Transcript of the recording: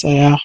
So yeah.